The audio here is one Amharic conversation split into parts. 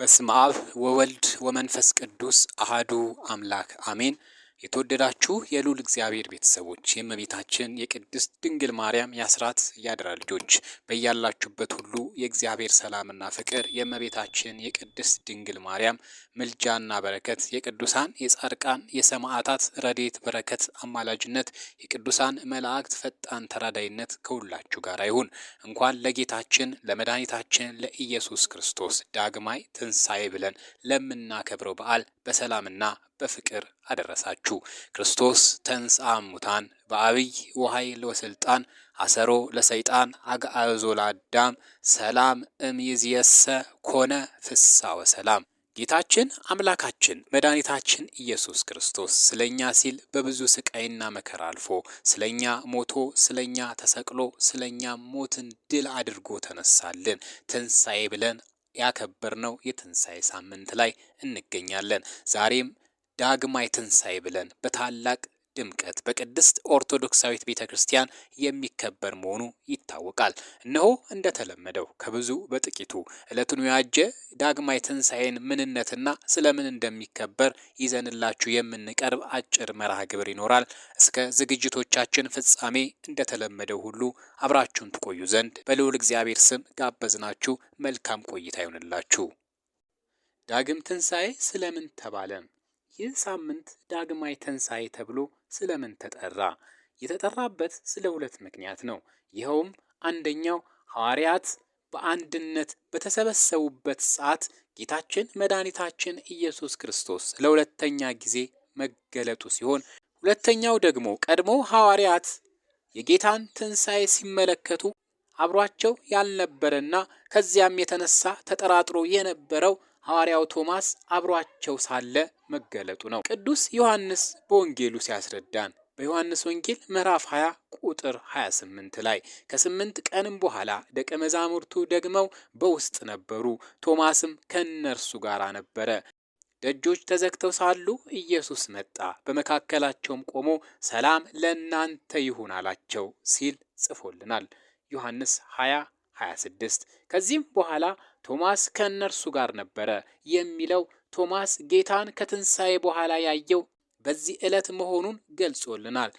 በስመ አብ ወወልድ ወመንፈስ ቅዱስ አህዱ አምላክ አሜን። የተወደዳችሁ የልዑል እግዚአብሔር ቤተሰቦች የእመቤታችን የቅድስት ድንግል ማርያም የአስራት ያደራ ልጆች በያላችሁበት ሁሉ የእግዚአብሔር ሰላምና ፍቅር የእመቤታችን የቅድስት ድንግል ማርያም ምልጃና በረከት የቅዱሳን የጻድቃን የሰማዕታት ረዴት በረከት አማላጅነት የቅዱሳን መላእክት ፈጣን ተራዳይነት ከሁላችሁ ጋር ይሁን። እንኳን ለጌታችን ለመድኃኒታችን ለኢየሱስ ክርስቶስ ዳግማይ ትንሣኤ ብለን ለምናከብረው በዓል በሰላምና በፍቅር አደረሳችሁ። ክርስቶስ ተንሥአ እሙታን በአብይ ወኃይል ወሥልጣን አሰሮ ለሰይጣን አግዓዞ ለአዳም ሰላም እምይእዜሰ ኮነ ፍስሐ ወሰላም። ጌታችን አምላካችን መድኃኒታችን ኢየሱስ ክርስቶስ ስለኛ ሲል በብዙ ስቃይና መከራ አልፎ ስለ እኛ ሞቶ ስለ እኛ ተሰቅሎ ስለ እኛ ሞትን ድል አድርጎ ተነሳልን። ትንሣኤ ብለን ያከበርነው የትንሣኤ ሳምንት ላይ እንገኛለን። ዛሬም ዳግማይ ትንሣኤ ብለን በታላቅ ድምቀት በቅድስት ኦርቶዶክሳዊት ቤተ ክርስቲያን የሚከበር መሆኑ ይታወቃል። እነሆ እንደተለመደው ከብዙ በጥቂቱ ዕለቱን የዋጀ ዳግማይ ትንሣኤን ምንነትና ስለምን እንደሚከበር ይዘንላችሁ የምንቀርብ አጭር መርሃ ግብር ይኖራል። እስከ ዝግጅቶቻችን ፍጻሜ እንደተለመደው ሁሉ አብራችሁን ትቆዩ ዘንድ በልዑል እግዚአብሔር ስም ጋበዝናችሁ። መልካም ቆይታ ይሆንላችሁ። ዳግም ትንሣኤ ስለምን ተባለ? ይህ ሳምንት ዳግማይ ትንሣኤ ተብሎ ስለምን ተጠራ? የተጠራበት ስለ ሁለት ምክንያት ነው። ይኸውም አንደኛው ሐዋርያት በአንድነት በተሰበሰቡበት ሰዓት ጌታችን መድኃኒታችን ኢየሱስ ክርስቶስ ለሁለተኛ ጊዜ መገለጡ ሲሆን፣ ሁለተኛው ደግሞ ቀድሞ ሐዋርያት የጌታን ትንሣኤ ሲመለከቱ አብሯቸው ያልነበረና ከዚያም የተነሳ ተጠራጥሮ የነበረው ሐዋርያው ቶማስ አብሯቸው ሳለ መገለጡ ነው። ቅዱስ ዮሐንስ በወንጌሉ ሲያስረዳን በዮሐንስ ወንጌል ምዕራፍ 20 ቁጥር 28 ላይ ከስምንት ቀንም በኋላ ደቀ መዛሙርቱ ደግመው በውስጥ ነበሩ፣ ቶማስም ከእነርሱ ጋር ነበረ። ደጆች ተዘግተው ሳሉ ኢየሱስ መጣ፣ በመካከላቸውም ቆሞ ሰላም ለእናንተ ይሁን አላቸው ሲል ጽፎልናል ዮሐንስ 20 26 ከዚህም በኋላ ቶማስ ከእነርሱ ጋር ነበረ የሚለው ቶማስ ጌታን ከትንሣኤ በኋላ ያየው በዚህ ዕለት መሆኑን ገልጾልናል።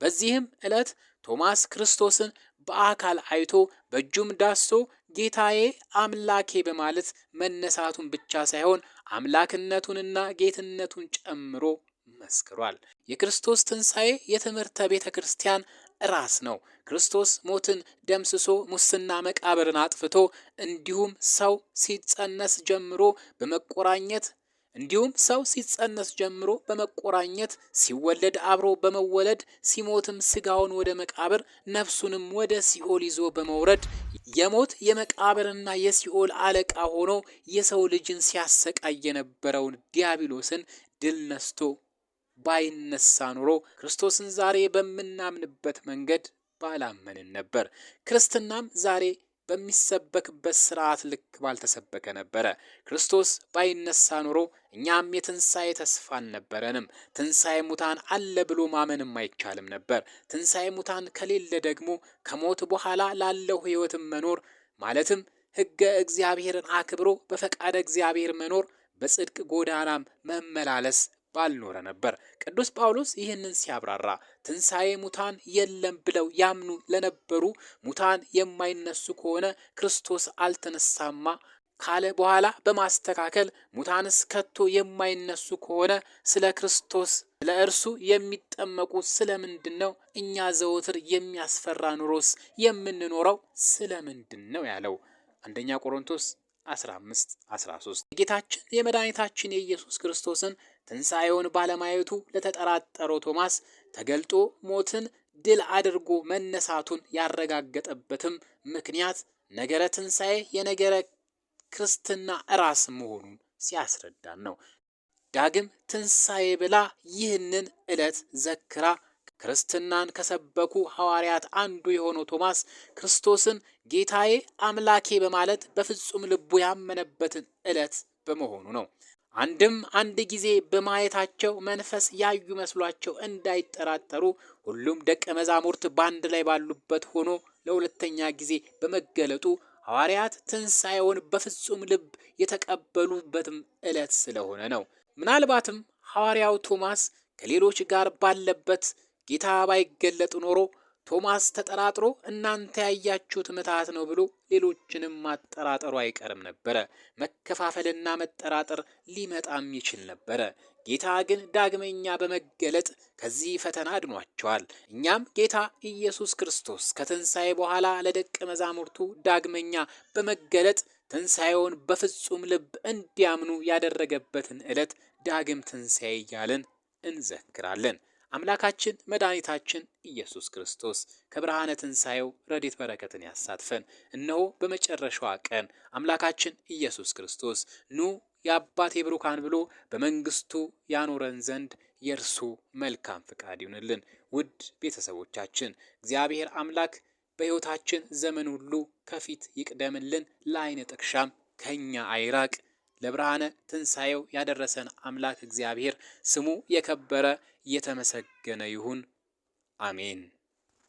በዚህም ዕለት ቶማስ ክርስቶስን በአካል አይቶ በእጁም ዳሶ ጌታዬ አምላኬ በማለት መነሳቱን ብቻ ሳይሆን አምላክነቱንና ጌትነቱን ጨምሮ መስክሯል። የክርስቶስ ትንሣኤ የትምህርተ ቤተ ክርስቲያን ራስ ነው። ክርስቶስ ሞትን ደምስሶ ሙስና መቃብርን አጥፍቶ እንዲሁም ሰው ሲጸነስ ጀምሮ በመቆራኘት እንዲሁም ሰው ሲጸነስ ጀምሮ በመቆራኘት ሲወለድ አብሮ በመወለድ ሲሞትም ስጋውን ወደ መቃብር ነፍሱንም ወደ ሲኦል ይዞ በመውረድ የሞት የመቃብርና የሲኦል አለቃ ሆኖ የሰው ልጅን ሲያሰቃይ የነበረውን ዲያብሎስን ድል ነስቶ ባይነሳ ኑሮ ክርስቶስን ዛሬ በምናምንበት መንገድ ባላመንን ነበር። ክርስትናም ዛሬ በሚሰበክበት ስርዓት ልክ ባልተሰበከ ነበረ። ክርስቶስ ባይነሳ ኑሮ እኛም የትንሣኤ ተስፋ አልነበረንም። ትንሣኤ ሙታን አለ ብሎ ማመንም አይቻልም ነበር። ትንሣኤ ሙታን ከሌለ ደግሞ ከሞት በኋላ ላለው ሕይወትም መኖር ማለትም ሕገ እግዚአብሔርን አክብሮ በፈቃደ እግዚአብሔር መኖር በጽድቅ ጎዳናም መመላለስ ባልኖረ ነበር። ቅዱስ ጳውሎስ ይህንን ሲያብራራ ትንሣኤ ሙታን የለም ብለው ያምኑ ለነበሩ ሙታን የማይነሱ ከሆነ ክርስቶስ አልተነሳማ ካለ በኋላ በማስተካከል ሙታንስ ከቶ የማይነሱ ከሆነ ስለ ክርስቶስ ለእርሱ የሚጠመቁ ስለምንድን ነው? እኛ ዘወትር የሚያስፈራ ኑሮስ የምንኖረው ስለምንድን ነው ያለው አንደኛ ቆሮንቶስ 15 13 የጌታችን የመድኃኒታችን የኢየሱስ ክርስቶስን ትንሣኤውን ባለማየቱ ለተጠራጠረው ቶማስ ተገልጦ ሞትን ድል አድርጎ መነሳቱን ያረጋገጠበትም ምክንያት ነገረ ትንሣኤ የነገረ ክርስትና ራስ መሆኑን ሲያስረዳን ነው። ዳግም ትንሣኤ ብላ ይህንን ዕለት ዘክራ ክርስትናን ከሰበኩ ሐዋርያት አንዱ የሆነው ቶማስ ክርስቶስን ጌታዬ አምላኬ በማለት በፍጹም ልቡ ያመነበትን ዕለት በመሆኑ ነው። አንድም አንድ ጊዜ በማየታቸው መንፈስ ያዩ መስሏቸው እንዳይጠራጠሩ ሁሉም ደቀ መዛሙርት በአንድ ላይ ባሉበት ሆኖ ለሁለተኛ ጊዜ በመገለጡ ሐዋርያት ትንሣኤውን በፍጹም ልብ የተቀበሉበትም ዕለት ስለሆነ ነው። ምናልባትም ሐዋርያው ቶማስ ከሌሎች ጋር ባለበት ጌታ ባይገለጥ ኖሮ ቶማስ ተጠራጥሮ እናንተ ያያችሁት ምትሃት ነው ብሎ ሌሎችንም ማጠራጠሩ አይቀርም ነበረ። መከፋፈልና መጠራጠር ሊመጣም ይችል ነበረ። ጌታ ግን ዳግመኛ በመገለጥ ከዚህ ፈተና አድኗቸዋል። እኛም ጌታ ኢየሱስ ክርስቶስ ከትንሣኤ በኋላ ለደቀ መዛሙርቱ ዳግመኛ በመገለጥ ትንሣኤውን በፍጹም ልብ እንዲያምኑ ያደረገበትን ዕለት ዳግም ትንሣኤ እያልን እንዘክራለን። አምላካችን መድኃኒታችን ኢየሱስ ክርስቶስ ከብርሃነ ትንሣኤው ረዴት በረከትን ያሳትፈን። እነሆ በመጨረሻዋ ቀን አምላካችን ኢየሱስ ክርስቶስ ኑ የአባቴ ብሩካን ብሎ በመንግስቱ ያኖረን ዘንድ የእርሱ መልካም ፍቃድ ይሁንልን። ውድ ቤተሰቦቻችን እግዚአብሔር አምላክ በሕይወታችን ዘመን ሁሉ ከፊት ይቅደምልን፣ ለአይነ ጥቅሻም ከእኛ አይራቅ። ለብርሃነ ትንሣኤው ያደረሰን አምላክ እግዚአብሔር ስሙ የከበረ የተመሰገነ ይሁን። አሜን።